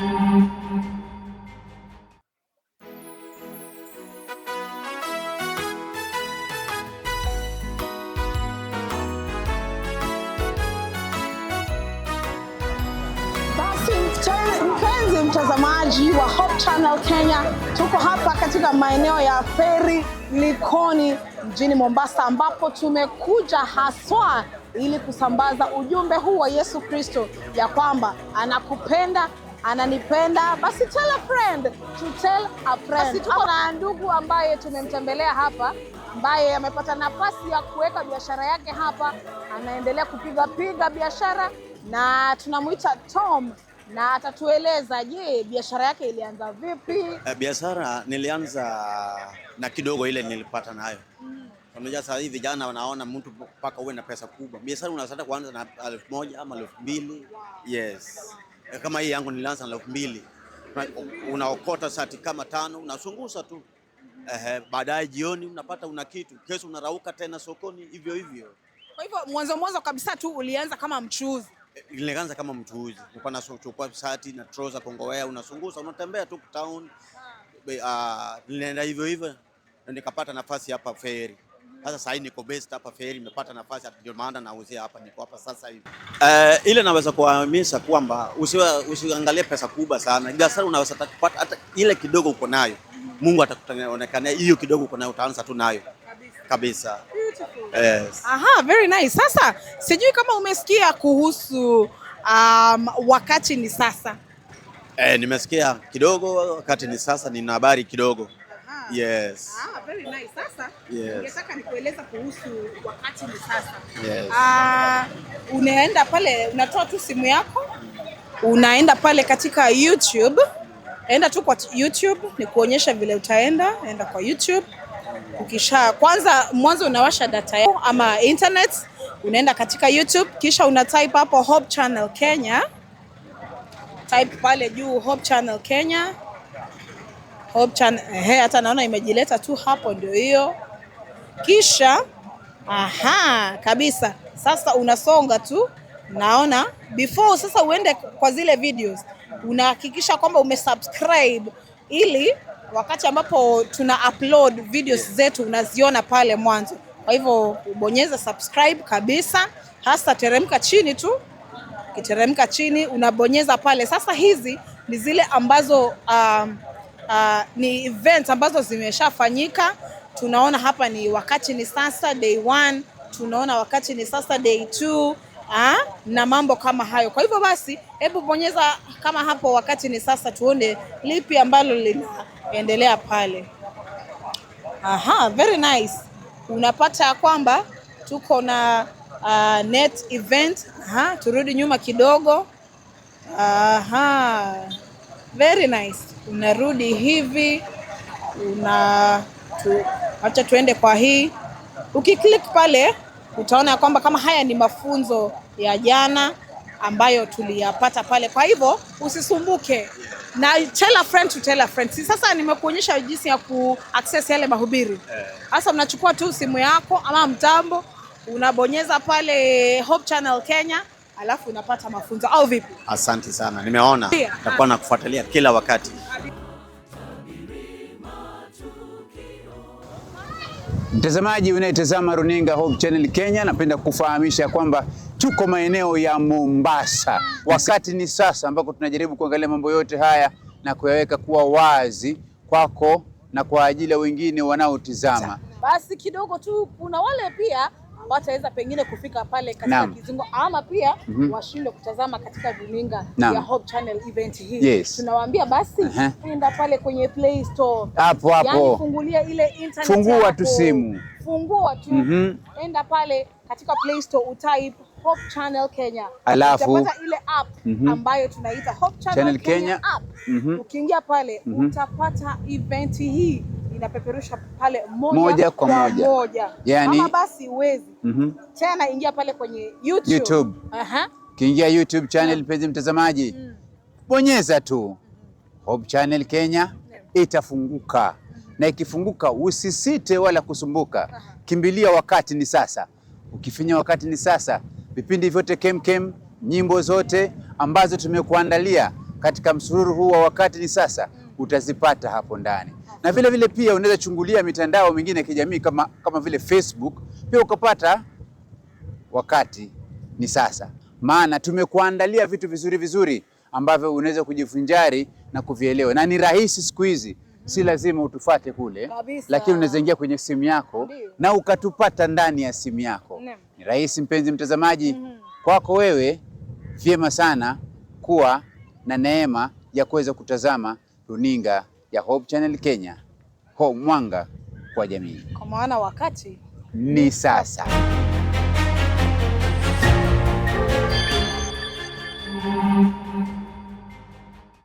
Mpenzi mtazamaji wa Hope Channel Kenya, tuko hapa katika maeneo ya Feri Likoni mjini Mombasa, ambapo tumekuja haswa ili kusambaza ujumbe huu wa Yesu Kristo ya kwamba anakupenda ananipenda, basi tell a friend to tell a friend. Basi tuko na ndugu ambaye tumemtembelea hapa ambaye amepata nafasi ya kuweka biashara yake hapa, anaendelea kupiga piga biashara na tunamwita Tom na atatueleza, je, biashara yake ilianza vipi? Eh, biashara nilianza na kidogo ile nilipata nayo mm. Unajua saa hii vijana wanaona mtu mpaka uwe na pesa kubwa. Biashara unaweza kuanza na elfu moja ama elfu mbili. Wow. Yes. Eh, kama hii yangu nilianza na elfu mbili unaokota sati kama tano unasungusa tu eh, baadaye jioni unapata una kitu, kesho unarauka tena sokoni hivyo hivyo. Kwa hivyo mwanzo mwanzo kabisa tu ulianza kama mchuuzi? Eh, nilianza kama mchuuzi, nilikuwa nachukua sati na trouser kongowea, unasunguza unatembea tu town. Uh, nilienda hivyo hivyo, nikapata nafasi hapa Feri. Sasa sasa hivi niko best hapa Feri, nimepata nafasi, ndio maana nauzia hapa, niko hapa sasa hivi. Uh, ile naweza kuhamisha kwamba usiangalie pesa kubwa sana, biashara unaweza kupata hata ile kidogo uko nayo, Mungu atakuonekania hiyo kidogo uko nayo, utaanza tu nayo kabisa. Yes. Aha, very nice. Sasa sijui kama umesikia kuhusu um, wakati ni sasa. Eh, nimesikia kidogo, wakati ni sasa, nina habari kidogo Yes. Ah, very nice. Sasa ningetaka yes, nikueleza kuhusu wakati ni sasa. Yes. Ah, unaenda pale unatoa tu simu yako unaenda pale katika YouTube, enda tu kwa YouTube ni kuonyesha vile utaenda, enda kwa YouTube. Ukisha kwanza mwanzo unawasha data yako ama internet, unaenda katika YouTube kisha una type hapo Hope Channel Kenya, type pale juu Hope Channel Kenya Hope Chan, he, eh, hata naona imejileta tu hapo, ndio hiyo. Kisha aha, kabisa sasa unasonga tu, naona before sasa uende kwa zile videos, unahakikisha kwamba umesubscribe ili wakati ambapo tuna upload videos zetu unaziona pale mwanzo. Kwa hivyo ubonyeza subscribe kabisa, hasa teremka chini tu, ukiteremka chini unabonyeza pale. Sasa hizi ni zile ambazo um, Uh, ni events ambazo zimeshafanyika. Tunaona hapa ni wakati ni sasa day one, tunaona wakati ni sasa day two Ha? Ah, na mambo kama hayo. Kwa hivyo basi, hebu bonyeza kama hapo wakati ni sasa, tuone lipi ambalo linaendelea pale. Aha, very nice. Unapata kwamba tuko na uh, net event. Aha, turudi nyuma kidogo. Aha very nice. Unarudi hivi una tu, acha tuende kwa hii. Ukiklik pale utaona kwamba kama haya ni mafunzo ya jana ambayo tuliyapata pale. Kwa hivyo usisumbuke na tell a friend to tell a friend. Si sasa nimekuonyesha jinsi ya ku access yale mahubiri. Eh. Sasa unachukua tu simu yako ama mtambo unabonyeza pale Hope Channel Kenya alafu unapata mafunzo au vipi? Asante sana, nimeona nitakuwa nakufuatilia kila wakati. Mtazamaji unayetazama runinga Hope Channel Kenya, napenda kufahamisha kwamba tuko maeneo ya Mombasa. Wakati ni sasa ambako tunajaribu kuangalia mambo yote haya na kuyaweka kuwa wazi kwako na kwa ajili ya wengine wanaotizama. Basi kidogo tu kuna wale pia wataweza pengine kufika pale katika Naam. kizingo ama pia mm -hmm. washinde kutazama katika vininga ya Hope Channel event hii yes. Tunawaambia basi uh -huh. Enda pale kwenye Play Store hapo hapo, yani fungulia ile internet, fungua tu simu, fungua tu mm -hmm. Enda pale katika Play Store utype Hope Channel Kenya alafu utapata ile app mm -hmm. ambayo tunaita Hope Channel Channel Kenya, Kenya app mm -hmm. Ukiingia pale mm -hmm. utapata event hii inapeperusha pale moja, moja kwa moja, moja. Yani, kama basi uwezi mm -hmm. Tena ingia pale kwenye YouTube, YouTube. Uh -huh. Kiingia YouTube channel mm. mpenzi mm. mtazamaji mm. bonyeza tu mm -hmm. Hope Channel Kenya mm. -hmm. itafunguka mm -hmm. na ikifunguka usisite wala kusumbuka uh -huh. Kimbilia wakati ni sasa, ukifinya wakati ni sasa, vipindi vyote kemkem, nyimbo zote ambazo tumekuandalia katika msururu huu wa wakati ni sasa mm. -hmm utazipata hapo ndani, na vile vile pia unaweza chungulia mitandao mingine ya kijamii kama, kama vile Facebook pia ukapata wakati ni sasa, maana tumekuandalia vitu vizuri vizuri ambavyo unaweza kujifunjari na kuvielewa, na ni rahisi siku hizi si mm-hmm. lazima utufate kule kabisa, lakini unaweza ingia kwenye simu yako Ndiyo. na ukatupata ndani ya simu yako Ndiyo. Ni rahisi mpenzi mtazamaji, mm -hmm. kwako wewe vyema sana kuwa na neema ya kuweza kutazama runinga ya Hope Channel Kenya, ho mwanga kwa jamii, kwa maana wakati ni sasa.